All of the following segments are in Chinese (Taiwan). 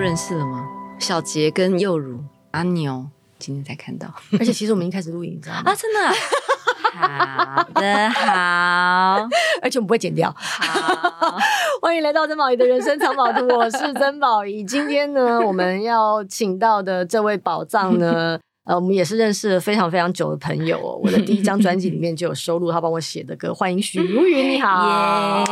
認識了嗎？小杰跟幼如阿牛今天才看到， 而且其實我們一開始錄影，你知道嗎？啊，真的，、啊 好的，好的好， 而且我們不會剪掉。好， 歡迎來到曾寶儀的人生藏寶圖， 我是曾寶儀。今天呢，我們要請到的這位寶藏呢。 呃、啊，我們也是認識了非常非常久的朋友哦。我的第一張專輯裡面就有收錄他幫我寫的歌。 歡迎許茹芸，你好，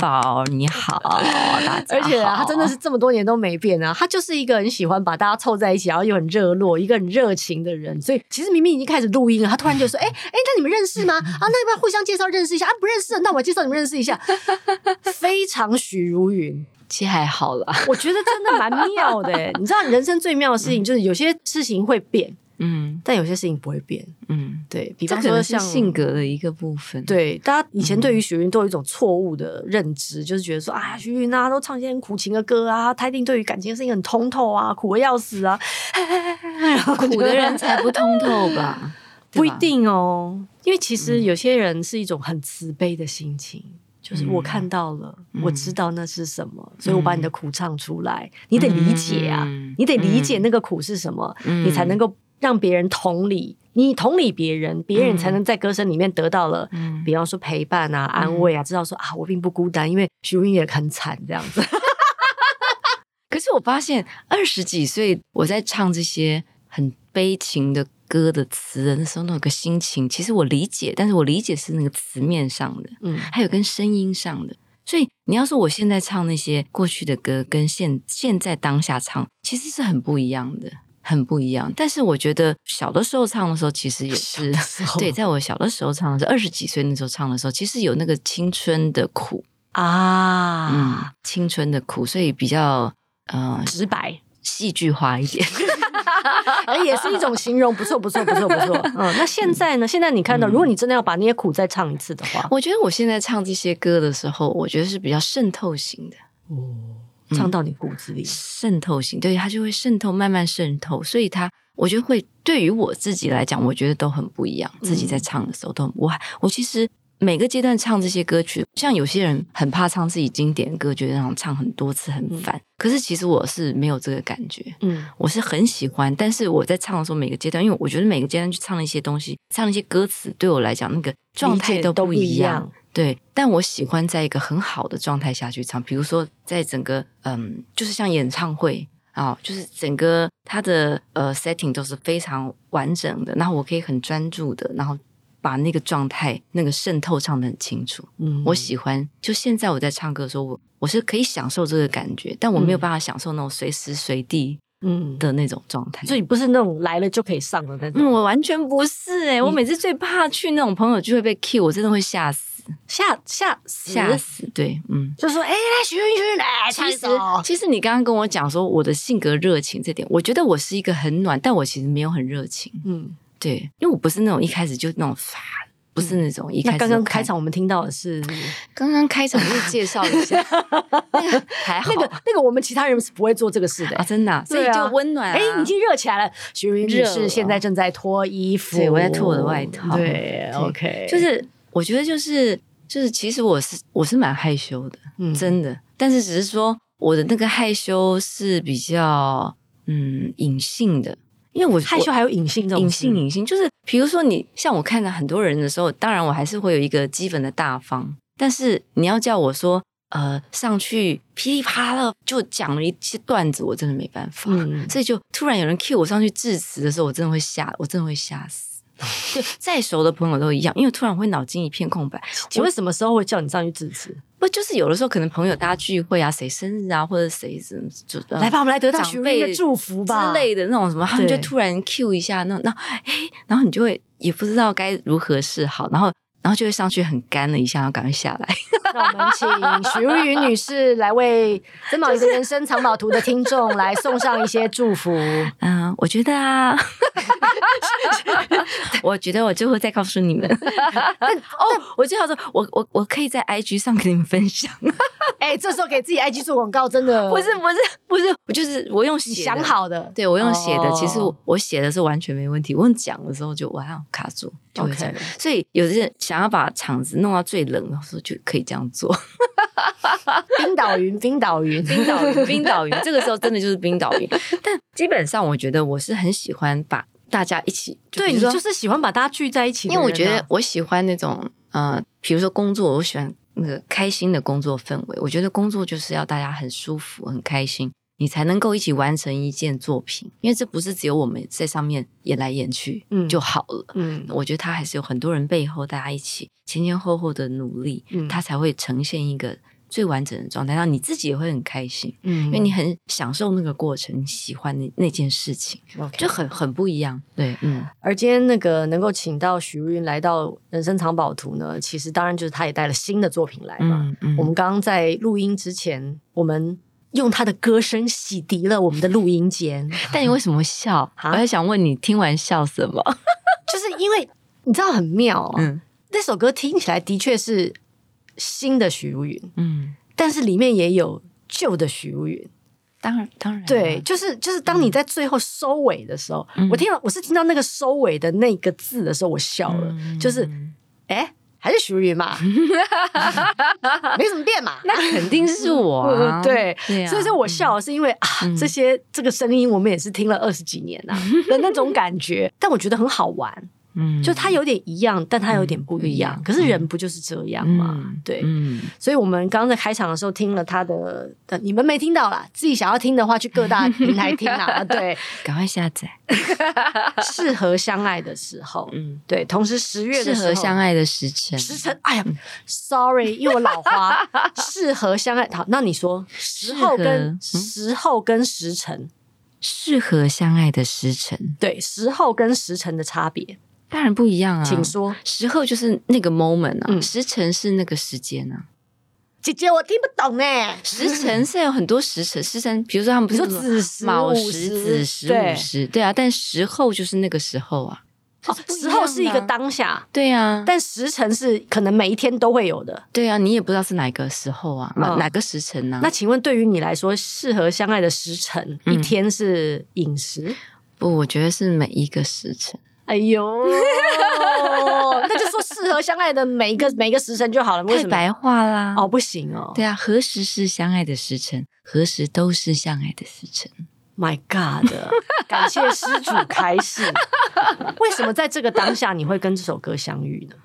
寶、yeah，你好，大家。而且、啊、他真的是這麼多年都沒變啊，他就是一個很喜歡把大家湊在一起，然後又很熱絡，一個很熱情的人。所以其實明明已經開始錄音了，他突然就說：“哎哎，那你們認識嗎？啊，那要不要互相介紹認識一下？啊，不認識，那我介紹你們認識一下。 ”非常許茹芸，其實還好啦，我覺得真的蠻妙的。 你知道，人生最妙的事情就是有些事情會變。嗯，但有些事情不會變，嗯，對，比方說是像是性格的一個部分，對，大家以前對於許茹芸都有一種錯誤的認知，嗯，就是覺得說啊，許茹芸啊，都唱一些苦情的歌啊，他一定對於感情的事情很通透啊，苦的要死啊，然後，哎、苦的人才不通透吧， 吧？不一定哦，因為其實有些人是一種很慈悲的心情，嗯，就是我看到了，嗯，我知道那是什麼，所以我把你的苦唱出來，嗯，你得理解啊，嗯，你得理解那個苦是什麼，嗯，你才能夠，讓別人同理你，同理別人，別人才能在歌聲裡面得到了，嗯、比方說陪伴啊、安慰啊，嗯、知道說啊，我並不孤單，因為許茹芸也很慘這樣子。 可是我發現二十幾歲我在唱這些很悲情的歌的詞人的時候，那個心情其實我理解，但是我理解是那個詞面上的，嗯，還有跟聲音上的。所以你要說我現在唱那些過去的歌，跟現現在當下唱，其實是很不一樣的。很不一樣，但是我覺得小的時候唱的時候，其實也是，是對，在我小的時候唱的是二十幾歲那時候唱的時候，其實有那個青春的苦啊，嗯，青春的苦，所以比較呃直白、戲劇化一點，而 也是一種形容，不錯，不錯，不錯，不錯， 嗯，嗯。那現在呢？現在你看到，如果你真的要把那些苦再唱一次的話，嗯，我覺得我現在唱這些歌的時候，我覺得是比較滲透型的哦。嗯嗯，唱到你骨子裡，滲透型，對，它就會滲透，慢慢滲透。所以它，我覺得會對於我自己來講，我覺得都很不一樣。嗯，自己在唱的時候都很不，都我我其實。每個階段唱這些歌曲，像有些人很怕唱自己經典歌曲，覺得然後唱很多次很煩、嗯。可是其實我是沒有這個感覺，嗯，我是很喜歡。但是我在唱的時候，每個階段，因為我覺得每個階段去唱一些東西，唱一些歌詞，對我來講，那個狀態都不一樣，都一樣。對，但我喜歡在一個很好的狀態下去唱。比如說，在整個嗯，就是像演唱會啊，就是整個它的呃 setting 都是非常完整的，然後我可以很專注的，然後。把那個狀態、那個滲透唱得很清楚。嗯，我喜歡。就現在我在唱歌的時候，我我是可以享受這個感覺，但我沒有辦法享受那種隨時隨地嗯的那種狀態、嗯。所以不是那種來了就可以上的那種、嗯。我完全不是哎、欸，我每次最怕去那種朋友聚會被 cue，我真的會嚇死，嚇嚇嚇，嚇死、就是。對，嗯，就說哎、欸、來，芸芸來，唱一首。其實，其實你剛剛跟我講說我的性格熱情這點，我覺得我是一個很暖，但我其實沒有很熱情。嗯。對，因為我不是那種一開始就那種煩，不是那種一開,始開。始、嗯、剛剛開場我們聽到的是，剛剛開場又 介紹一下， 那個、 還好。那個那個，我們其他人是不會做這個事的、欸啊，真的、啊。所以就溫暖、啊，哎、啊，已經熱起來了。許茹芸女士現在正在脫衣服，對，我在脫我的外套。對,對，OK，就是我覺得就是就是，其實我是我是蠻害羞的，嗯，真的。但是只是說我的那個害羞是比較嗯隱性的。因為我害羞，還有隱性這種。隱性隱性就是，比如說你像我看到很多人的時候，當然我還是會有一個基本的大方，但是你要叫我說呃上去噼里啪啦就講了一些段子，我真的沒辦法。嗯。所以就突然有人 cue 我上去致辭的時候，我真的會嚇，我真的會嚇死。 對，再熟的朋友都一樣，因為突然會腦筋一片空白。請問什麼時候會叫你上去致辭？就是有的時候，可能朋友大家聚會啊，誰生日啊，或者誰什麼就來吧，我們來得到長輩祝福吧之類的那種什麼，他們就突然 cue 一下那種，那那哎，然後你就會也不知道該如何是好，然後。然後就會上去很干了一下，然後趕快下來。讓 我們請許茹芸女士來為《曾寶儀的人生藏寶圖》的聽眾來送上一些祝福。就是、嗯，我覺得啊， 我覺得我最後再告訴你們， 哦，我最好說，我我我可以在 IG 上跟你們分享。哎、 欸，這時候給自己 IG 做廣告，真的不是不是不是，我就是我用想好的，對，我用寫的、哦，其實我寫的是完全沒問題。我用講的時候就哇卡住就會，OK。所以有的人想。想要把場子弄到最冷的時候，就可以這樣做。 冰島芸、冰島芸， 冰島芸、冰島芸，這個時候真的就是冰島芸。 但基本上，我覺得我是很喜歡把大家一起，對、就是、說你就是喜歡把大家聚在一起。因為我覺得我喜歡那種，嗯、呃，比如說工作，我喜歡那個開心的工作氛圍。我覺得工作就是要大家很舒服、很開心。你才能夠一起完成一件作品，因為這不是只有我們在上面演來演去，就好了，嗯，嗯我覺得他還是有很多人背後大家一起前前後後的努力，嗯，他才會呈現一個最完整的狀態，讓你自己也會很開心，嗯，因為你很享受那個過程，你、嗯、喜歡那那件事情、okay. 就很很不一樣，對，嗯。而今天那個能夠請到許茹芸來到《人生藏寶圖》呢，其實當然就是她也帶了新的作品來嘛，嗯，嗯，我們剛剛在錄音之前，我們。用他的歌聲洗滌了我們的錄音間，但你為什麼笑？啊、我還想問你，聽完笑什麼？ 就是因為你知道很妙、啊嗯、那首歌聽起來的確是新的許茹芸，嗯，但是裡面也有舊的許茹芸。當然，當然，對，就是就是，當你在最後收尾的時候，嗯、我聽到我是聽到那個收尾的那個字的時候，我笑了，嗯、就是哎。誒還是許茹芸嘛， 沒什麼變嘛， 那肯定是我、啊、 對，對、啊，所以說我笑的是因為啊，啊、嗯，這些這個聲音我們也是聽了二十幾年吶、啊、的那種感覺， 但我覺得很好玩。嗯，就他有點一樣，但他有點不一樣、嗯嗯。可是人不就是這樣嗎？嗯、對、嗯，所以我們剛剛在開場的時候聽了他的、嗯，你們沒聽到啦，自己想要聽的話，去各大平台聽啊！ 對，趕快下載。適合相愛的時候， 嗯，對。同時，十月適合相愛的時辰，時辰。哎呀 ，Sorry，因為我老花。適 合相愛，好，那你說適合時候跟，、嗯、跟時候跟時辰適合相愛的時辰，對，時候跟時辰的差別。當然不一樣啊！請說，時候就是那個 moment 啊，嗯、時辰是那個時間啊。姐姐，我聽不懂哎。時辰是有很多時辰， 時辰，比如說他們，不是說子時、卯、嗯、時，時、子時、午時，時，對啊。但時候就是那個時候啊。哦、就是啊，時候是一個當下，對啊。但時辰是可能每一天都會有的，對啊。你也不知道是哪個時候啊，哪、嗯、哪個時辰呢、啊？那請問，對於你來說，適合相愛的時辰，一天是飲食、嗯？不，我覺得是每一個時辰。哎呦，那就說適合相愛的每一個 每一個時辰就好了。太白話啦！哦，不行哦。對啊，何時是相愛的時辰？何時都是相愛的時辰。My God！感謝施主開示。 為什麼在這個當下你會跟這首歌相遇呢？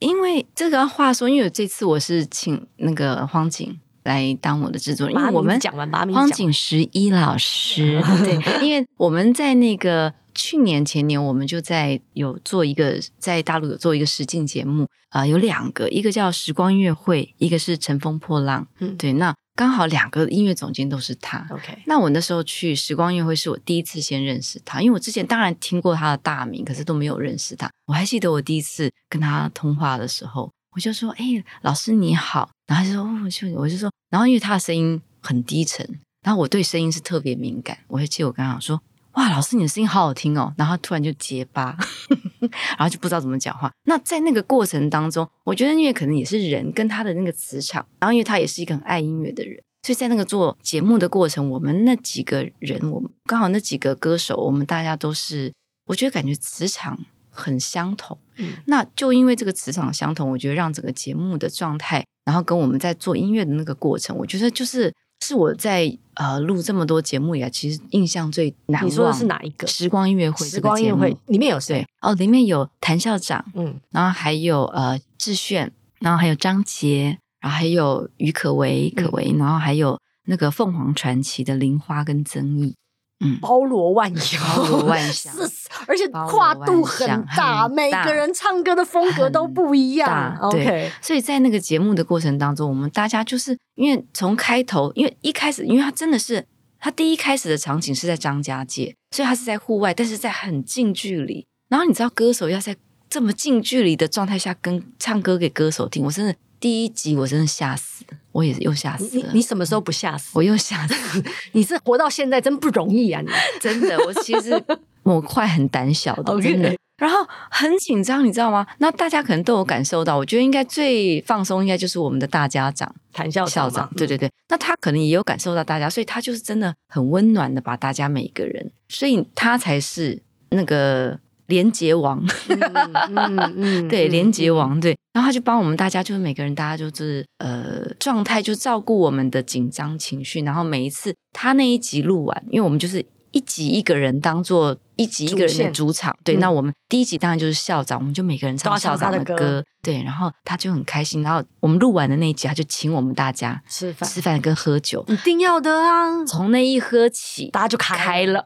因為這個話說，因為這次我是請那個荒井來當我的制作人。我們講完，把米。荒井十一老師，對，因為我們在那個。去年前年，我們就在有做一個在大陸有做一個實境節目啊、呃，有兩個，一個叫《時光音樂會》，一個是《乘風破浪》。嗯，對，那剛好兩個音樂總監都是他。OK，那我那時候去《時光音樂會》是我第一次先認識他，因為我之前當然聽過他的大名，可是都沒有認識他。我還記得我第一次跟他通話的時候，我就說：“哎，老師你好。”然後他就說：“哦，就，我就說，然後因為他的聲音很低沉，然後我對聲音是特別敏感。”我還記得我剛好說。哇，老師，你的聲音好好聽哦！然後突然就結巴呵呵，然後就不知道怎麼講話。那在那個過程當中，我覺得因為可能也是人跟他的那個磁場，然後因為他也是一個很愛音樂的人，所以在那個做節目的過程，我們那幾個人，我們剛好那幾個歌手，我們大家都是，我覺得感覺磁場很相同。嗯，那就因為這個磁場相同，我覺得讓整個節目的狀態，然後跟我們在做音樂的那個過程，我覺得就是。是我在呃錄這麼多節目以來，其實印象最難忘。你說的是哪一個？時光音樂會。時光音樂會裡面有誰？哦，裡面有譚校長，嗯，然後還有呃志炫，然後還有張杰，然後還有郁可唯，可唯，然後還有那個鳳凰傳奇的玲花跟曾毅。嗯、包羅萬有， 萬象是，是而且跨度很大，很大，每個人唱歌的風格都不一樣。OK，對，所以在那個節目的過程當中，我們大家就是因為從開頭，因為一開始，因為他真的是他第一開始的場景是在張家界，所以他是在戶外，但是在很近距離。然後你知道，歌手要在這麼近距離的狀態下跟唱歌給歌手聽，我真的。第一集我真的嚇死了，我也又嚇死了你。你什麼時候不嚇死？我又嚇死。你是活到現在真不容易啊你！你 真的，我其實我快很膽小的，Okay. 真的。然後很緊張，你知道嗎？那大家可能都有感受到。我覺得應該最放鬆應該就是我們的大家長譚校長。對對對、嗯，那他可能也有感受到大家，所以他就是真的很溫暖的把大家每一個人，所以他才是那個。連結王，嗯嗯嗯、 連結王，對連結王對，然後他就幫我們大家，就是每個人大家就是呃狀態，狀態就照顧我們的緊張情緒。然後每一次他那一集錄完，因為我們就是一集一個人當做一集一個人的主場，主對、嗯。那我們第一集當然就是校長，我們就每個人唱校長的歌，的歌對。然後他就很開心。然後我們錄完的那一集，他就請我們大家吃飯、吃飯跟喝酒，一定要的啊。從那一喝起，大家就卡開了。開了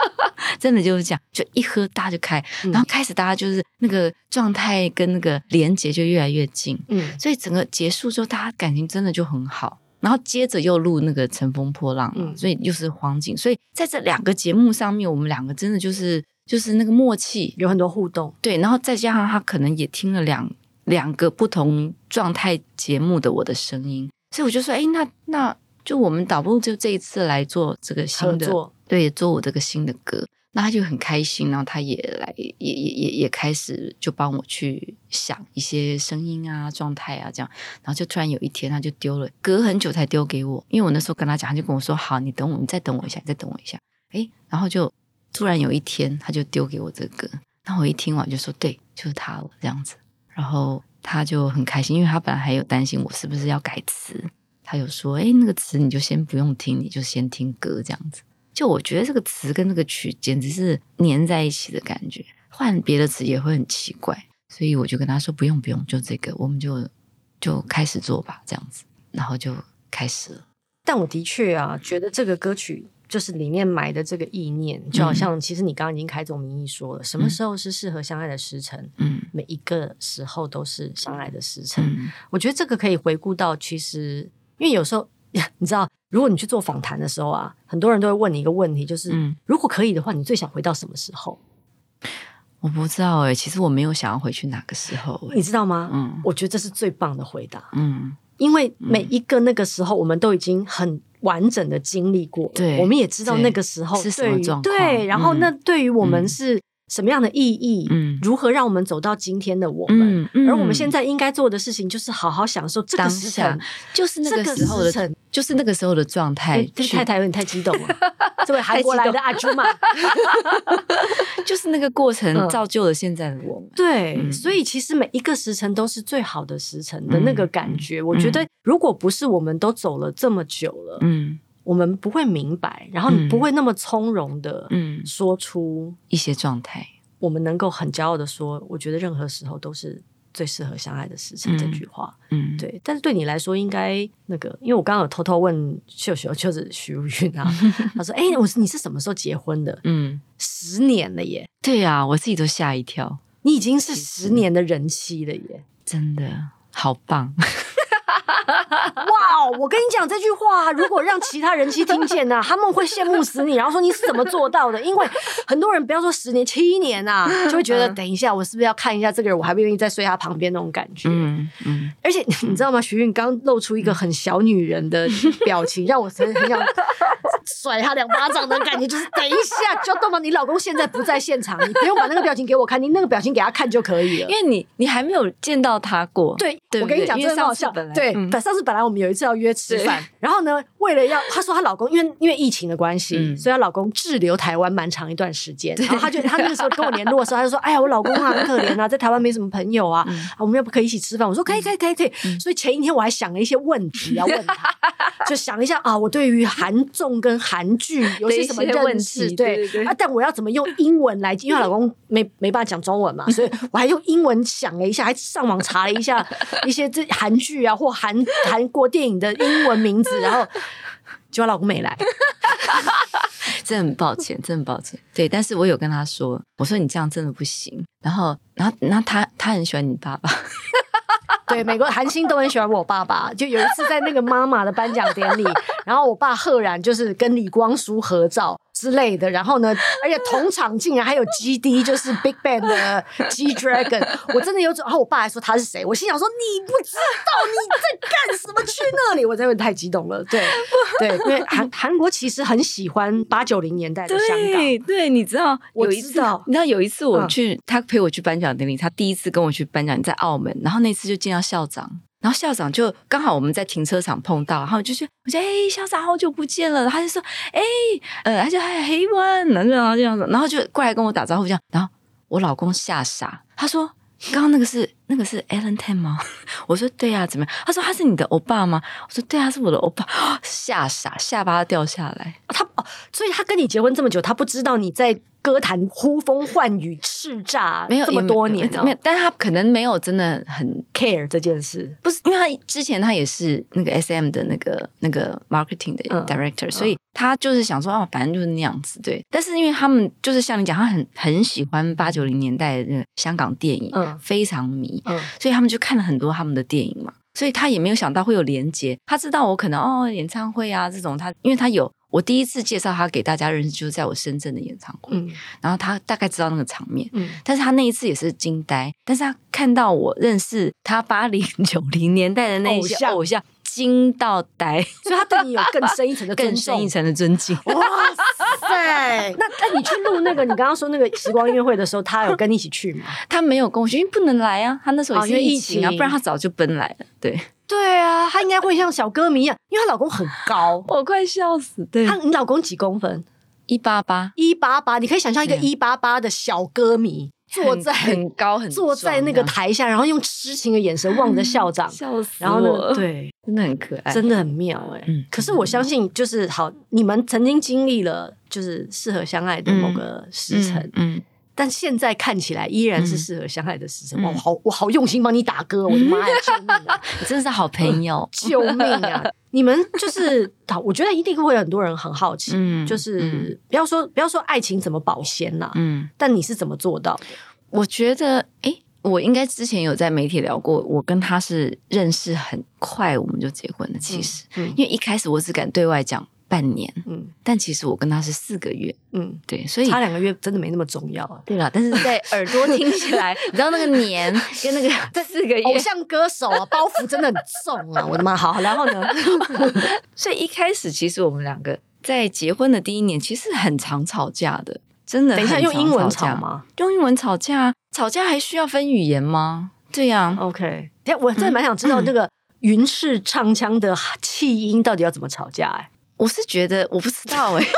真的就是這樣，就一喝大家就開、嗯，然後開始大家就是那個狀態跟那個連接就越來越近，嗯，所以整個結束之後大家感情真的就很好，然後接着又錄那個《乘風破浪》，嗯，所以又是黃金，所以在這兩個節目上面，我們兩個真的就是、嗯、就是那個默契有很多互動，對，然後再加上他可能也聽了兩兩個不同狀態節目的我的聲音，所以我就說，哎，那那就我們倒不如就這一次來做這個新的。對，做我這個新的歌，那他就很開心，然後他也來，也也也也開始就幫我去想一些聲音啊、狀態啊這樣，然後就突然有一天他就丟了，隔很久才丟給我，因為我那時候跟他講，他就跟我說：“好，你等我，你再等我一下，你再等我一下。”誒，然後就突然有一天他就丟給我這個歌，那我一聽完就說：“對，就是他了。”這樣子，然後他就很開心，因為他本來還有擔心我是不是要改詞，他有說：“誒，那個詞你就先不用聽，你就先聽歌這樣子。”就我覺得這個詞跟這個曲簡直是粘在一起的感覺，換別的詞也會很奇怪，所以我就跟他說不用不用，就這個我們就就開始做吧，這樣子，然後就開始了。但我的確啊，覺得這個歌曲就是裡面埋的這個意念，就好像、嗯、其實你剛剛已經開宗明義說了，什麼時候是適合相愛的時辰？嗯，每一個時候都是相愛的時辰、嗯。我覺得這個可以回顧到，其實因為有時候。Yeah, 你知道，如果你去做訪談的時候啊，很多人都會問你一個問題，就是、嗯、如果可以的話，你最想回到什麼時候？我不知道哎，其實我沒有想要回去哪個時候，你知道嗎？嗯，我覺得這是最棒的回答。嗯，因為每一個那個時候，我們都已經很完整的經歷過，對、嗯，我們也知道那個時候是什麼狀況。對，然後那對於我們是。嗯嗯什麼樣的意義、嗯？如何讓我們走到今天的我們？嗯嗯、而我們現在應該做的事情，就是好好享受這個時辰，就是那個時辰、這個、時候的就是那個時候的狀態。嗯、這太太有點太激動了， 這位韓國來的阿朱嘛， 就是那個過程造就了現在的我們。嗯、對、嗯，所以其實每一個時辰都是最好的時辰的那個感覺。嗯嗯、我覺得，如果不是我們都走了這麼久了，嗯。 我們不會明白，然後你不會那麼從容的說出一些狀態。我們能夠很驕傲的說、嗯，我覺得任何時候都是最適合相愛的時辰，嗯、這句話，嗯，對。但是對你來說，應該那個，因為我剛剛有偷偷問秀秀，就是許茹芸啊， 他說：“哎、欸，我是你是什麼時候結婚的？”嗯，十年了耶。對啊，我自己都嚇一跳。你已經是十年的人妻了耶，真的好棒。 哇，哦，我跟你講這句話、啊，如果讓其他人妻聽見呢、啊，他們會羨慕死你，然後說你是怎麼做到的？因為很多人不要說十年七年吶、啊，就會覺得、嗯、等一下我是不是要看一下這個人，我還不願意再睡他旁邊那種感覺。嗯嗯，而且你知道嗎？許茹芸剛剛露出一個很小女人的表情，讓我真的很想甩他兩巴掌的感覺。就是 等一下就要動了，你老公現在不在現場，你不用把那個表情給我看，你那個表情給他看就可以了。因為你你還沒有見到他過。對，對對，我跟你講，這是好笑。對，反正上次本來。嗯嗯我們有一次要約吃飯，然後呢，為了要她說她老公，因為因為疫情的關係，嗯、所以她老公滯留台灣蠻長一段時間。然後她就她那個時候跟我聯絡的時候，她就說：“ 哎呀，我老公啊很可憐啊，在台灣沒什麼朋友啊，嗯、啊我們要不可以一起吃飯？”我說：“可以可以可以。”可以。所以前一天我還想了一些問題要、啊、 問他，就想了一下啊，我對於韓綜跟韓劇有些什麼認識？ 對、對、對、對、啊，但我要怎麼用英文來？因為她老公沒沒辦法講中文嘛， 所以我還用英文想了一下，還上網查了一下一些這韓劇啊或韓韓。過電影的英文名字，然後結果，老公沒來， 真的很抱歉，真的很抱歉。對，但是我有跟他說，我說你這樣真的不行。然後，然後，那他他很喜歡你爸爸， 對，美國韓星都很喜歡我爸爸。就有一次在那個媽媽的頒獎典禮，然後我爸赫然就是跟李光洙合照。之類的，然後呢？而且同場竟然還有 G D， 就是 Big Bang 的 G Dragon，我真的有種。然後我爸還說他是誰，我心想說，你不知道你在幹什麼？ 去那裡，我真的太激動了。對， 對，因為韓韓國其實很喜歡八九零年代的香港。對，對，你知道，我知道，有一次，你知道有一次我去，嗯、他陪我去頒獎典禮，他第一次跟我去頒獎，在澳門，然後那次就見到校長。然後校長就剛好我們在停車場碰到，然後就是我說：“哎，校長好久不見了。”他就說：“哎，呃，他就還黑灣，hey, one, 然後就這樣子，然後就過來跟我打招呼，這樣。”然後我老公嚇傻，他說：“剛剛那個是。 ”那個是 Alan Tan 嗎？ 我說對啊，怎麼樣？他說他是你的歐巴嗎？我說對啊，是我的歐巴、哦。嚇傻，下巴掉下來。哦他哦，所以他跟你結婚這麼久，他不知道你在歌壇呼風喚雨、叱咤沒有這麼多年，沒有，但他可能沒有真的很 care 這件事，不是？因為他之前他也是那個 S M 的那個那個 marketing 的 director、嗯、所以他就是想說哦、嗯啊，反正就是那樣子對。但是因為他們就是像你講，他很很喜歡八九零年代的香港電影，嗯、非常迷。嗯，所以他們就看了很多他們的電影嘛，所以他也沒有想到會有連接。他知道我可能哦演唱會啊這種，他因為他有我第一次介紹他給大家認識就是在我深圳的演唱會。嗯，然後他大概知道那個場面。嗯，但是他那一次也是驚呆，但是他看到我認識他八零九零年代的那一些偶像。偶像驚到呆， 所以他對你有更深一層的更深一層的尊敬。哇 塞！ 那那你去錄那個 你剛剛說那個時光音樂會的時候，他有跟你一起去嗎？他沒有跟我，因為不能來啊。他那時候也是疫情啊，不然他早就奔來了。對對啊，他應該會像小歌迷一樣，因為他老公很高， 我快笑死。對他，你老公幾公分？一八八一八八，188，你可以想象一個一八八的小歌迷、啊、坐在很高很，坐在那個台下，然後用痴情的眼神望着校長，笑死。然後呢？對。真的很可愛，真的很妙哎、欸嗯！可是我相信，就是好、嗯，你們曾經經歷了就是適合相愛的某個時辰、嗯嗯，嗯，但現在看起來依然是適合相愛的時辰、嗯。哇，我好，我好用心幫你，、嗯、你打歌，我的媽呀，真、嗯、的、啊，真的是好朋友，救命啊！你們就是好，我覺得一定會有很多人很好奇，嗯、就是、嗯、不要說不要說愛情怎麼保鮮吶、啊，嗯，但你是怎麼做到？我覺得，誒、欸我應該之前有在媒體聊過，我跟他是認識很快我們就結婚了。其實、嗯嗯，因為一開始我只敢對外講半年，嗯，但其實我跟他是四個月，嗯，對，所以差兩個月真的沒那麼重要啊。對了，但是在耳朵聽起來， 你知道那個年跟那個這四個月，偶像歌手啊包袱真的很重啊！我的媽，好， 然後呢？ 所以一開始其實我們兩個在結婚的第一年，其實很常吵架的。真的？等一下用英文吵架吵架嗎？用英文吵架？吵架還需要分語言嗎？對呀、啊。OK，我真的蠻想知道、嗯、那個芸式唱腔的氣音到底要怎麼吵架、欸？哎， 我是覺得我不知道哎、欸，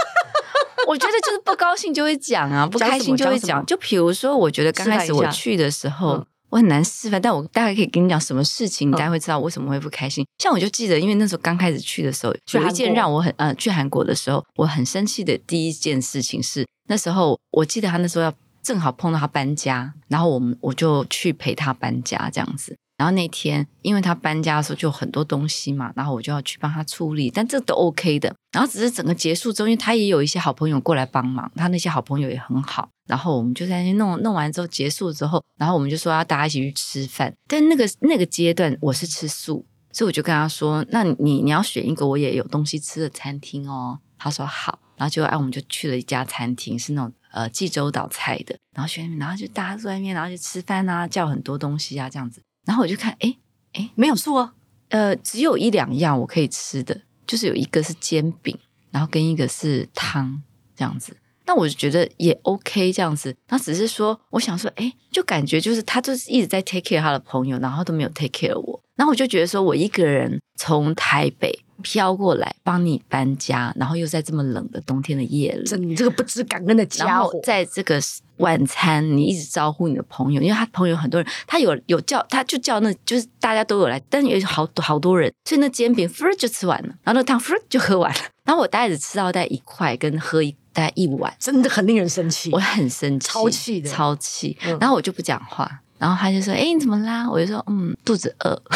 我覺得就是不高興就會講啊，不開心就會講。講講就比如說，我覺得剛剛開始我去的時候。我很難示範，但我大概可以跟你講什麼事情，哦、你大概會知道我為什麼會不開心。像我就記得，因為那時候剛開始去的時候，就一件讓我很……呃，去韓國的時候，我很生氣的第一件事情是，那時候我記得他那時候要。正好碰到他搬家，然後我們我就去陪他搬家這樣子。然後那天因為他搬家的時候就很多東西嘛，然後我就要去幫他處理，但這都 OK 的。然後只是整個結束之後，他也有一些好朋友過來幫忙，他那些好朋友也很好。然後我們就在那邊弄弄完之後結束之後，然後我們就說要大家一起去吃飯。但那個那個階段我是吃素，所以我就跟他說：“那你你要選一個我也有東西吃的餐廳哦。”他說好，然後就哎我們就去了一家餐廳，是那種。呃，濟州島菜的，然後外面，然後就大家在外面，然後就吃飯啊，叫很多東西啊，這樣子。然後我就看，哎哎，沒有素哦，啊，呃，只有一兩樣我可以吃的，就是有一個是煎餅，然後跟一個是湯這樣子。那我就覺得也 OK 這樣子，那只是說，我想說，哎，就感覺就是他就是一直在 take care 他的朋友，然後都沒有 take care 我。然後我就覺得說我一個人從台北。飄過來幫你搬家，然後又在這麼冷的冬天的夜裡，你這個不知感恩的家伙。然後在這個晚餐， 你一直招呼你的朋友，因為他朋友很多人，他有有叫他就叫那，就是大家都有來，但也有好好多人，所以那煎餅忽 t 就吃完了，然後那湯忽就喝完了，然後我帶着吃到帶一塊，跟喝一，帶一碗，真的很令人生氣，我很生氣，超氣的，超氣。嗯、然後我就不講話，然後他就說：“哎，你怎麼啦？”我就說：“嗯，肚子餓。 ”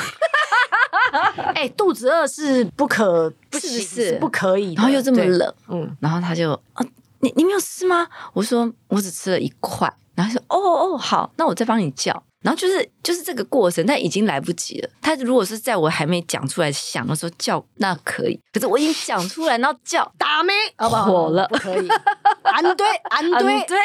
哎、 欸，肚子餓是不可，不行是，是，是不可以。然後又這麼冷，嗯，然後他就，嗯、啊，你你沒有吃嗎？我說我只吃了一塊，然後他說，哦，哦哦，好，那我再幫你叫。然後就是就是這個過程，但已經來不及了。他如果是在我還沒講出來想的時候叫，那可以。可是我已經講出來， 然後叫打咩，好不好？火了，可以。 安堆安堆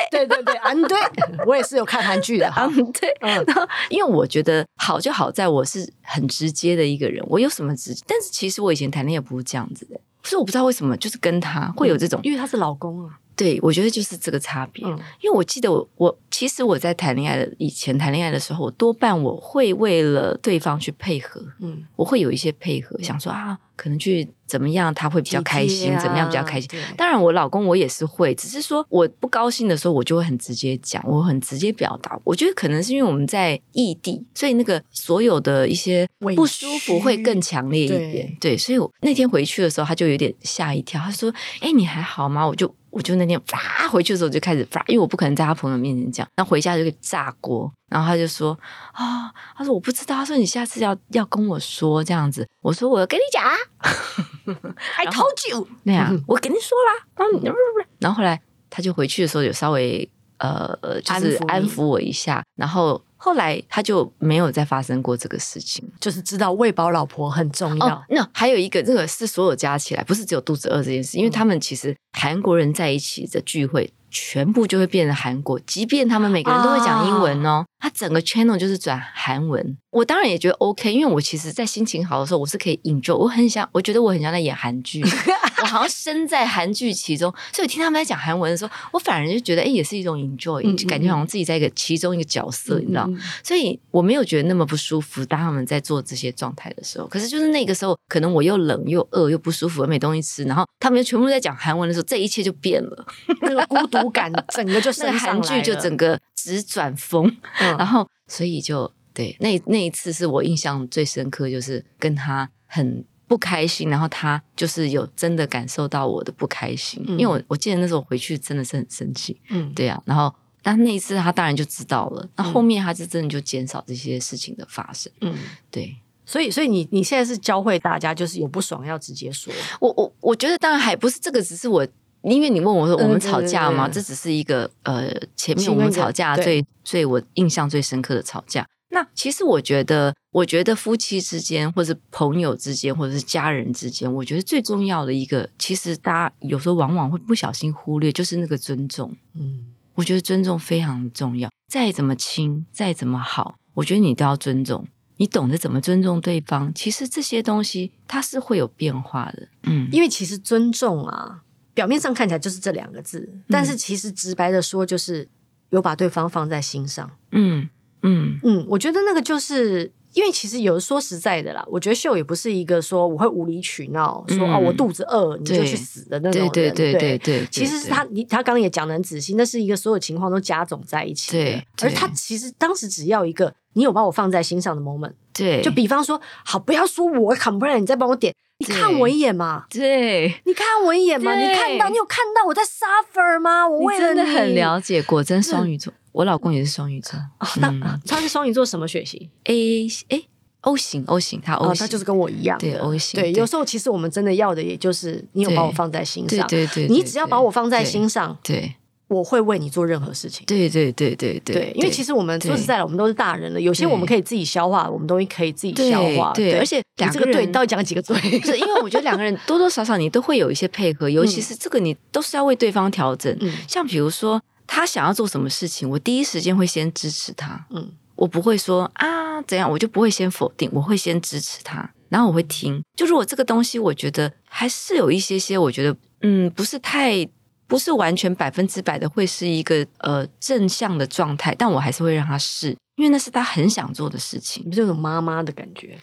對， 對對對，對安堆， 我也是有看韓劇的。安 堆、 嗯，然 因為我覺得好就好在我是很直接的一個人，我有什麼直接，但是其實我以前談戀愛不是這樣子的，所以我不知道為什麼就是跟他會有這種，嗯、因為他是老公啊。對，我覺得就是這個差別。嗯、因為我記得我，我其實我在談戀愛的以前談戀愛的時候，我多半我會為了對方去配合，嗯，我會有一些配合，嗯、想說啊。可能去怎麼樣他會比較開心，怎麼樣比較開心？當然，我老公我也是會，只是說我不高興的時候，我就會很直接講，我很直接表達。我覺得可能是因為我們在異地，所以那個所有的一些不舒服會更強烈一點。對，對，所以我那天回去的時候，他就有點嚇一跳，他說：“哎，你還好嗎？”我就我就那天哇回去的時候就開始發，因為我不可能在他朋友面前講，那回家就給炸鍋。然後他就說啊、哦，他說我不知道，他說你下次要要跟我說這樣子。我說我要跟你講，I told you。那 樣、 啊嗯、我跟你說啦。然後不不是然後後來他就回去的時候，有稍微呃，就是安撫我一下。然後後來他就沒有再發生過這個事情，就是知道餵飽老婆很重要。那、oh, no. 還有一個這個是所有加起來，不是只有肚子餓這件事，因為他們其實韓國人在一起的聚會。全部就會變成韓國，即便他們每個人都會講英文哦，啊、他整個 channel 就是轉韓文。我當然也覺得 OK，因為我其實在心情好的時候，我是可以 enjoy。我很想，我覺得我很像在演韓劇， 我好像身在韓劇其中。所以我聽他們在講韓文的時候，我反而就覺得，哎、欸，也是一種 enjoy，感覺好像自己在一個其中一個角色，嗯嗯你知道，所以我沒有覺得那麼不舒服。當他們在做這些狀態的時候，可是就是那個時候，可能我又冷又餓又不舒服，我沒東西吃，然後他們全部在講韓文的時候，這一切就變了，那個孤獨。韓整個就是 韓劇就整個直轉風。嗯，然後所以就對，那那一次是我印象最深刻，就是跟他很不開心，然後他就是有真的感受到我的不開心，嗯，因為我我記得那時候回去真的是很生氣，嗯，對啊，然後但那一次他當然就知道了，那後，後面他是真的就減少這些事情的發生，嗯，嗯對，所以所以你你現在是教會大家就是有不爽要直接說？我我我覺得當然還不是這個，只是我。因為你問我說我們吵架嗎？嗯，這只是一個呃，前面我們吵架最最，最我印象最深刻的吵架。那其實我覺得，我覺得夫妻之間，或者是朋友之間，或者是家人之間，我覺得最重要的一個，其實大家有時候往往會不小心忽略，就是那個尊重。嗯，我覺得尊重非常重要。再怎麼親，再怎麼好，我覺得你都要尊重。你懂得怎麼尊重對方，其實這些東西它是會有變化的。嗯，因為其實尊重啊。表面上看起來就是這兩個字、嗯，但是其實直白的說，就是有把對方放在心上。嗯嗯嗯，我覺得那個就是因為其實有說實在的啦，我覺得秀也不是一個說我會無理取鬧、嗯，說哦我肚子餓你就去死的那種人。對對對對對，對對對對其實是他你他剛剛也講得很仔細，那是一個所有情況都加總在一起。對,對，而他其實當時只要一個你有把我放在心上的 moment，對,對，就比方說好不要說我砍不下來，complain, 你再幫我點。你看我一眼嘛？對，你看我一眼嘛？你看到，你有看到我在 suffer 嗎？我也真的很了解，果真雙魚座。我老公也是雙魚座。那他是雙魚座什麼血型？A 哎 O 型 O 型，他 O 型、哦，他就是跟我一樣，對 O 型。對，有時候其實我們真的要的，也就是你有把我放在心上。對對，對，對，你只要把我放在心上，對。對對。我會為你做任何事情。對對對對對，對，對，對，因為其實我們說實在的，我們都是大人了，有些我們可以自己消化，對對我們東西可以自己消化。對，對，對，對，而且這個對兩個人倒講幾個嘴， 是因為我覺得兩個人多多少少你都會有一些配合，尤其是這個你都是要為對方調整。嗯、像比如說他想要做什麼事情，我第一時間會先支持他。嗯，我不會說啊怎樣，我就不會先否定，我會先支持他，然後我會聽。就如果這個東西，我覺得還是有一些些，我覺得嗯，不是太。不是完全百分之百的會是一個呃正向的狀態，但我還是會讓他試，因為那是他很想做的事情，就是有媽媽的感覺。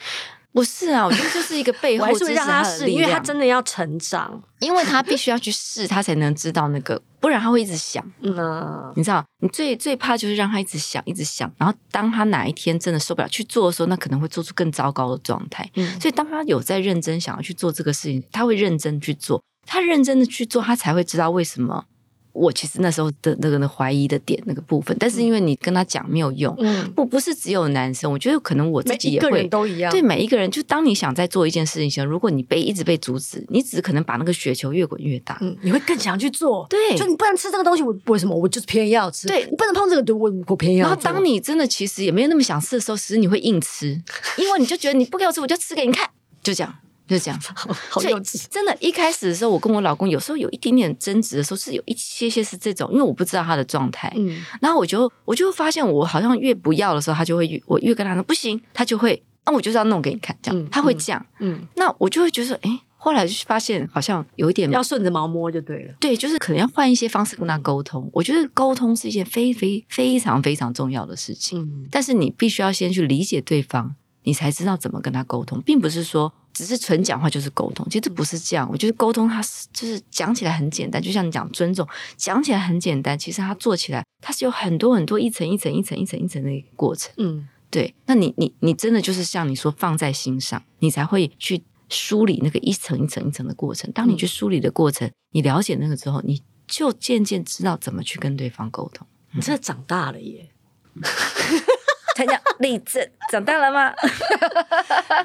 不是啊，我覺得這是一個背後知識， 因為他真的要成長，因為他必須要去試，他才能知道那個，不然他會一直想。嗯， 你知道，你最最怕就是讓他一直想，一直想，然後當他哪一天真的受不了去做的時候，那可能會做出更糟糕的狀態。嗯。所以當他有在認真想要去做這個事情，他會認真去做，他認真的去做，他才會知道為什麼。我其實那時候的那個懷疑的點那個部分，但是因為你跟他講沒有用，不、嗯、不是只有男生，我覺得可能我自己也會，對每一個人都一樣，每一個人就當你想在做一件事情時，如果你被一直被阻止，你只可能把那個雪球越滾越大，嗯、你會更想去做，對，就你不能吃這個東西，我為什麼我就是偏要吃？對，你不能碰這個毒，我我偏要。然後當你真的其實也沒有那麼想吃的時候，其實你會硬吃， 因為你就覺得你不給我吃，我就吃給你看，就這樣。就這樣子。 好幼稚！所以真的，一開始的時候，我跟我老公有時候有一點點爭執的時候，是有一些些是這種，因為我不知道他的狀態。嗯，然後我就我就會發現，我好像越不要的時候，他就會越我越跟他說不行，他就會，那、哦、我就是要弄給你看，這樣、嗯、他會這樣嗯。嗯，那我就會覺得說，哎，後來就發現好像有一點要順着毛摸就對了。對，就是可能要換一些方式跟他溝通。我覺得溝通是一件非非非常非常重要的事情、嗯，但是你必須要先去理解對方。你才知道怎麼跟他溝通，並不是說只是純講話就是溝通，其實不是這樣、嗯。我覺得溝通，它是就是講起來很簡單，就像你講尊重，講起來很簡單，其實它做起來它是有很多很多一層一層一層一層一層，一層的一個過程。嗯，對。那你你你真的就是像你說放在心上，你才會去梳理那個一層一層一層的過程。當你去梳理的過程，嗯、你了解那個之後，你就漸漸知道怎麼去跟對方溝通。你這長大了耶！嗯 才叫你這長大了嗎？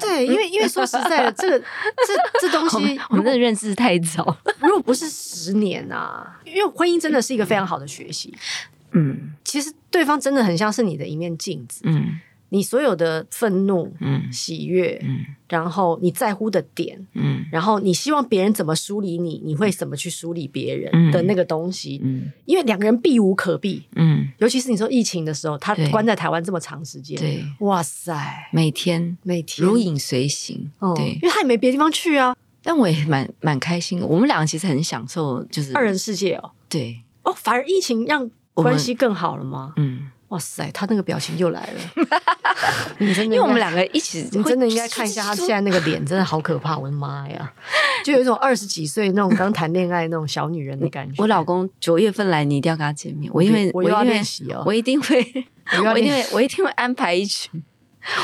對，因為因為說實在的、 這個，這個這這東西，我們真的認識太早如，如果不是十年啊， 因為婚姻真的是一個非常好的學習。嗯，其實對方真的很像是你的一面鏡子。嗯。嗯你所有的憤怒、喜悅，嗯、然後你在乎的點、嗯，然後你希望別人怎麼梳理你，你會怎麼去梳理別人的那個東西、嗯嗯。因為兩個人避無可避，嗯，尤其是你說疫情的時候，他關在台灣這麼長時間，對，哇塞，每天每天如影隨形、哦，對，因為他也沒別的地方去啊。但我也蠻蠻開心，我們兩個其實很享受，就是二人世界哦。對哦，反而疫情讓關係更好了嗎？嗯。哇塞，他那個表情又來了， 你真的因為我們兩個一起，你真的應該看一下他現在那個臉，真的好可怕！我的媽呀， 就有一種二十幾歲那種剛談戀愛那種小女人的感覺。 我老公九月份來，你一定要跟他見面。我，我因為我要，要練習哦，我一定會我，我一定會，我一定會安排一局。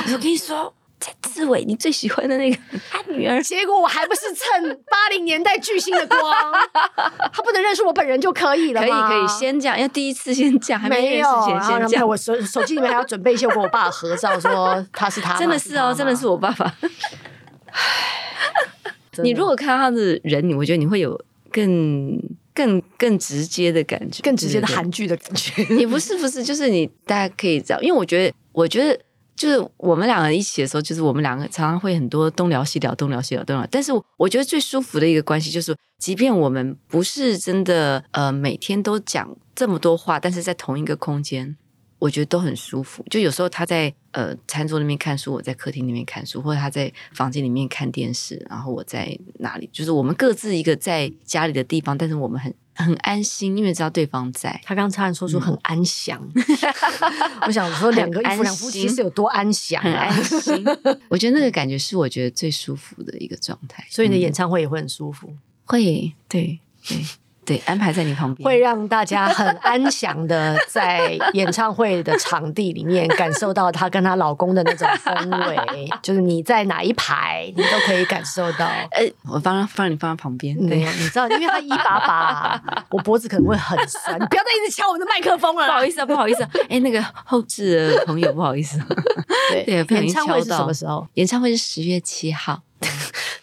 我跟你說。 志偉，你最喜歡的那個他、啊、女兒，結果我還不是蹭八零年代巨星的光， 他不能認識我本人就可以了。可以可以，先講，要第一次先講，還沒認識前先講。然後然後我手 手機裡面還要準備一些我跟我爸爸合照，說他是他，真的是哦，真的是我爸爸。 你如果看到他的人，我覺得你會有更更更直接的感覺，更直接的韓劇的感覺。也不， 不是不是，就是你大家可以這樣，因為我覺得，我覺得。就是我們兩個人一起的時候，就是我們兩個常常會很多東聊西聊，東聊西聊，東聊。但是我覺得最舒服的一個關係，就是即便我們不是真的呃每天都講這麼多話，但是在同一個空間，我覺得都很舒服。就有時候他在呃餐桌那邊看書，我在客廳裡面看書，或者他在房間裡面看電視，然後我在哪裡，就是我們各自一個在家裡的地方，但是我們很。很安心，因為知道對方在。他剛剛突然說出很安詳，嗯、 我想說兩個一夫兩夫妻其實有多安詳？啊，安心。安心 我覺得那個感覺是我覺得最舒服的一個狀態，所以你的演唱會也會很舒服。嗯、會，對，對。對，安排在你旁邊，會讓大家很安詳的在演唱會的場地裡面感受到她跟她老公的那種氛圍。就是你在哪一排，你都可以感受到。呃、欸，我放放你放在旁邊，對、嗯，你知道，因為他一把把 我脖子可能會很酸，你不要再一直敲我的麥克風了。不好意思啊，不好意思、啊。哎、欸，那個後製的朋友，不好意思、啊 對。對敲到，演唱會是什麼時候？演唱會是十月七號。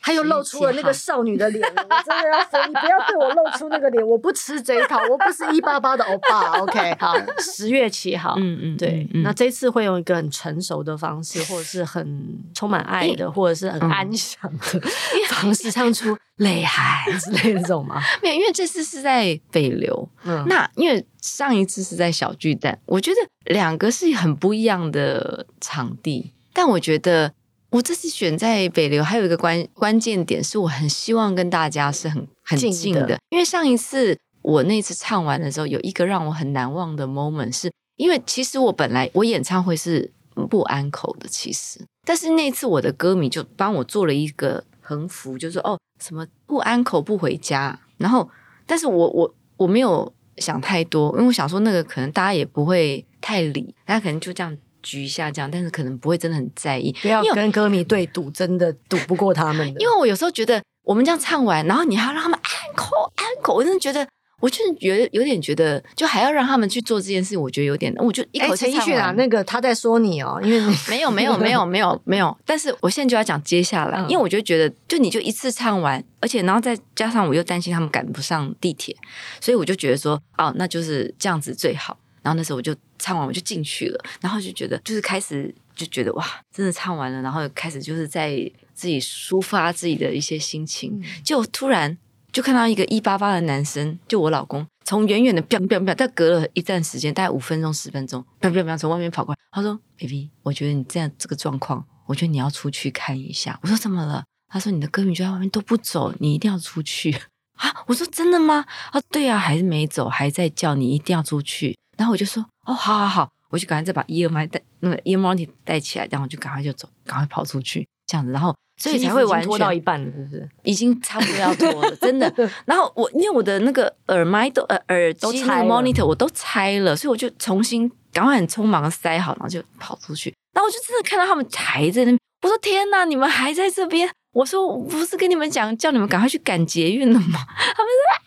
還有露出了那個少女的臉， 我真的要瘋，你不要對我露出那個臉， 我不吃這一套，我不是一八八的歐巴 ，OK？好，十月七號，嗯嗯，對嗯，那這次會用一個很成熟的方式，嗯、或者是很充滿愛的、嗯，或者是很安詳的方式唱出淚、嗯、 累海，之類的 這種嗎？沒有，因為這次是在北流、嗯，那因為上一次是在小巨蛋，我覺得兩個是很不一樣的場地，但我覺得。我這次選在北流，還有一個關關鍵點是我很希望跟大家是很很近的，近的，因為上一次我那次唱完的時候，有一個讓我很難忘的 moment，是因為其實我本來我演唱會是不安可的，其實，但是那次我的歌迷就幫我做了一個橫幅，就說、是、哦什麼不安可不回家，然後，但是我我我沒有想太多，因為我想說那個可能大家也不會太理，大家可能就這樣。局一下這樣，但是可能不會真的很在意。不要跟歌迷對賭，真的賭不過他們的。因為我有時候覺得我們這樣唱完，然後你還讓他們安可安可，我真的覺得，我就是覺得有點覺得，就還要讓他們去做這件事，我覺得有點，我就一口氣陳奕迅啊，那個他在說你哦、喔，因為沒有沒有沒有沒有沒有，沒有沒有沒有沒有 但是我現在就要講接下來，因為我就覺得，就你就一次唱完、嗯，而且然後再加上我又擔心他們趕不上地鐵，所以我就覺得說，哦，那就是這樣子最好。然後那時候我就唱完，我就進去了，然後就覺得就是開始就覺得哇，真的唱完了，然後開始就是在自己抒發自己的一些心情，就、嗯、突然就看到一個一八八的男生，就我老公，從遠遠的彪彪彪，但隔了一段時間，大概五分鐘十分鐘，彪彪彪從外面跑過來，他說：“baby，我覺得你這樣這個狀況，我覺得你要出去看一下。”我說：“怎麼了？”他說：“你的歌迷就在外面都不走，你一定要出去啊！” 我說：“真的嗎？”啊，對啊，還是沒走，還在叫你一定要出去。然後我就說，哦，好好好，我就趕快再把 ear 麥帶那個 ear monitor 帶起來，然後我就趕快就走，趕快跑出去這樣子。然後所以才會完全脫到一半，是不是？已經差不多要脫了， 真的。然後我因為我的那個耳麥都呃耳機那個都拆 monitor 我都拆了，所以我就重新趕快很匆忙的塞好，然後就跑出去。然後我就真的看到他們還在那邊，我說天吶，你們還在這邊？我說我不是跟你們講叫你們趕快去趕捷運了嗎？ 他們說。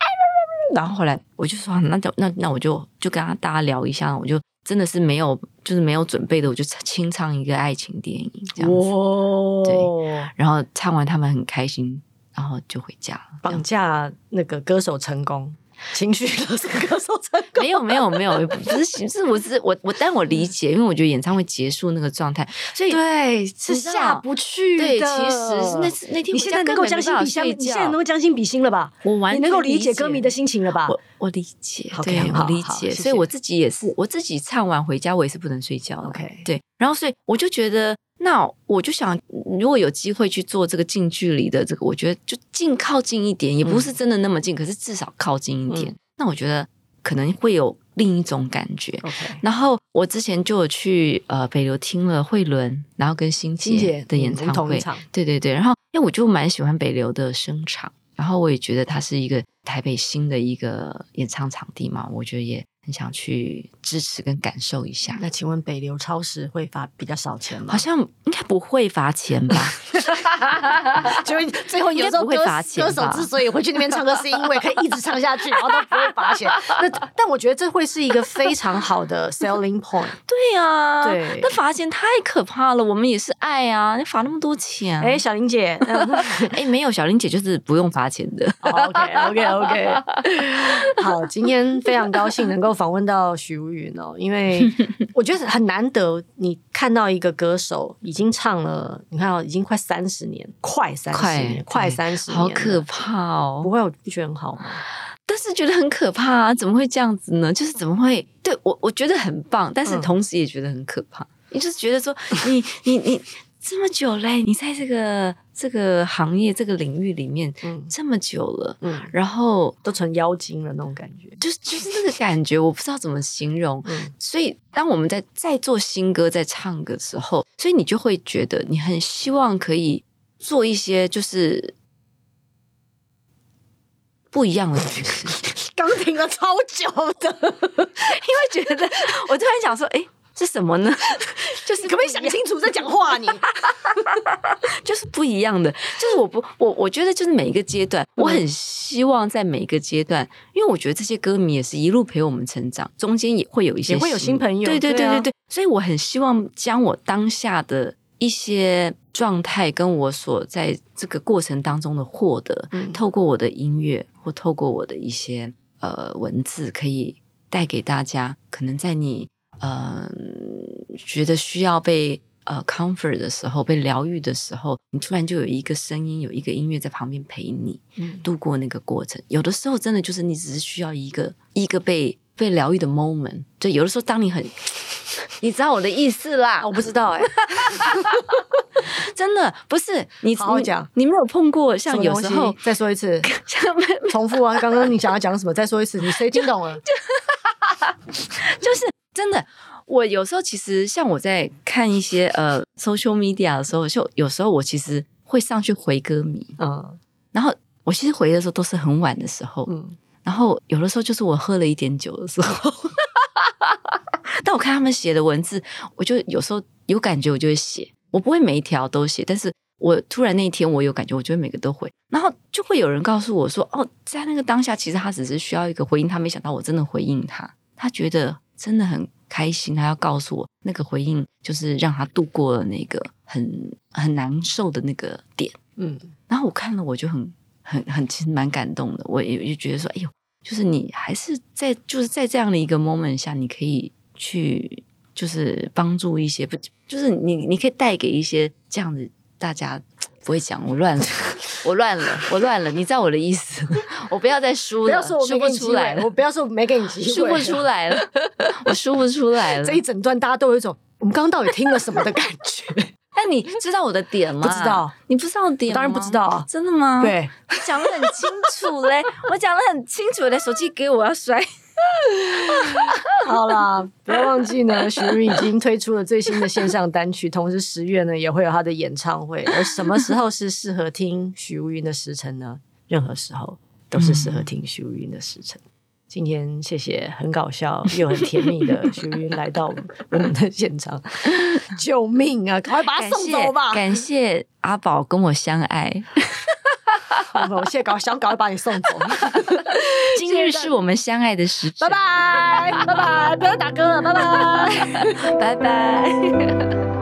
然後後來我就說，啊，那就那那我就就跟大家聊一下，我就真的是沒有就是沒有準備的，我就清唱一個愛情電影，這樣子，哦。對，然後唱完他們很開心，然後就回家了，綁架那個歌手成功。情緒都是歌手唱歌， 沒有沒有沒有，只是只是，是我只我我，但我理解，因為我覺得演唱會結束那個狀態，所以 對是下不去的。對，其實是那次那天，你現在能夠將心比心，你現在能夠將心比心了吧？我完全，你能夠理解歌迷的心情了吧？我我理解 okay, 對，我理解，好好好。所以我自己也是，是我自己唱完回家我也是不能睡覺 OK，對。然後所以我就覺得。那我就想，如果有機會去做這個近距離的這個，我覺得就近靠近一點，也不是真的那麼近，嗯、可是至少靠近一點、嗯。那我覺得可能會有另一種感覺。Okay. 然後我之前就有去呃北流聽了慧倫，然後跟新杰的演唱會場，對對對。然後因為我就蠻喜歡北流的聲場，然後我也覺得它是一個台北新的一個演唱場地嘛，我覺得也。很想去支持跟感受一下。那請問北流超市會罰比較少錢嗎？好像應該不會罰錢吧？ 就最後有時候歌手之所以會去那邊唱歌，是因為 可以一直唱下去，然後都不會罰錢。 那但我覺得這會是一個非常好的 selling point。 對啊。對，那罰錢太可怕了。我們也是愛啊，你罰那麼多錢？哎，小林姐，哎， 沒有，小林姐就是不用罰錢的。Oh, OK OK OK。 好，今天非常高興能夠。訪問到許茹芸哦，因為我覺得很難得，你看到一個歌手已經唱了，你看哦，已經快三十年，快三十年，快三十年，好可怕哦！不會，我不覺得很好，但是覺得很可怕啊！怎麼會這樣子呢？就是怎麼會？對我，我覺得很棒，但是同時也覺得很可怕。嗯、 你就是覺得說，你你你。你這麼久嘞、欸，你在這個這個行業、這個領域裡面，嗯，這麼久了，嗯，然後都成妖精了那種感覺，就是就是那個感覺，我不知道怎麼形容。嗯、所以當我們在在做新歌、在唱歌的時候，所以你就會覺得你很希望可以做一些就是不一樣的東西。 剛停了超久的， 因為覺得我突然想說，哎。是什麼呢？ 就是可不可以想清楚再講話，啊你？你 就是不一樣的，就是我不我我覺得就是每一個階段，嗯，我很希望在每一個階段，因爲我覺得這些歌迷也是一路陪我們成長，中間也會有一些也會有新朋友，對對對對對。對啊，所以我很希望將我當下的一些狀態，跟我所在這個過程當中的獲得，嗯，透過我的音樂或透過我的一些呃文字，可以帶給大家，可能在你。嗯、呃，覺得需要被呃 comfort 的時候，被療癒的時候，你突然就有一個聲音，有一個音樂在旁邊陪你、嗯、度過那個過程。有的時候真的就是你只是需要一個一個被被療癒的 moment。就有的時候，當你很， 你知道我的意思啦？ 我不知道哎、欸， 真的不是你，好好講你，你沒有碰過像有時候，再說一次， 像妹妹重複啊！剛剛你想要講什麼？ 再說一次，你誰聽懂了？真的，我有時候其實像我在看一些呃 social media 的時候，就有時候我其實會上去回歌迷，嗯，然後我其實回的時候都是很晚的時候，嗯，然後有的時候就是我喝了一點酒的時候， 但我看他們寫的文字，我就有時候有感覺，我就會寫，我不會每一條都寫，但是我突然那一天我有感覺，我就會每個都回，然後就會有人告訴我說，哦，在那個當下，其實他只是需要一個回應他，他沒想到我真的回應他，他覺得真的很。開心，他要告訴我那個回應，就是讓他度過了那個很很難受的那個點。嗯，然後我看了，我就很很很，其實蠻感動的。我也就覺得說，哎呦，就是你還是在就是在這樣的一個 moment 下，你可以去就是幫助一些，不就是你你可以帶給一些這樣子大家。不會講我亂了，我亂了，我亂了。你知道我的意思？我不要再輸了，輸不出來。我不要說沒給你機會，輸不出來了，輸不出來了 我輸不出來了。這一整段大家都有一種我們剛剛到底聽了什麼的感覺。哎， 你知道我的點嗎？不知道，你不知道點？當然不知道啊！真的嗎？對， 我講的很清楚嘞，我講的很清楚嘞，手機給我要摔。 好了，不要忘記呢。許茹芸已經推出了最新的線上單曲，同時十月呢也會有他的演唱會。而什麼時候是適合聽許茹芸的時辰呢？任何時候都是適合聽許茹芸的時辰。嗯。今天謝謝很搞笑又很甜蜜的許茹芸來到我們的現場， 救命啊！趕快把他送走吧！感謝，感謝阿寶跟我相愛。不不，我現在搞想稿就把你送走。今日是我們相愛的時辰，拜拜拜拜，不要打歌了，拜拜拜拜。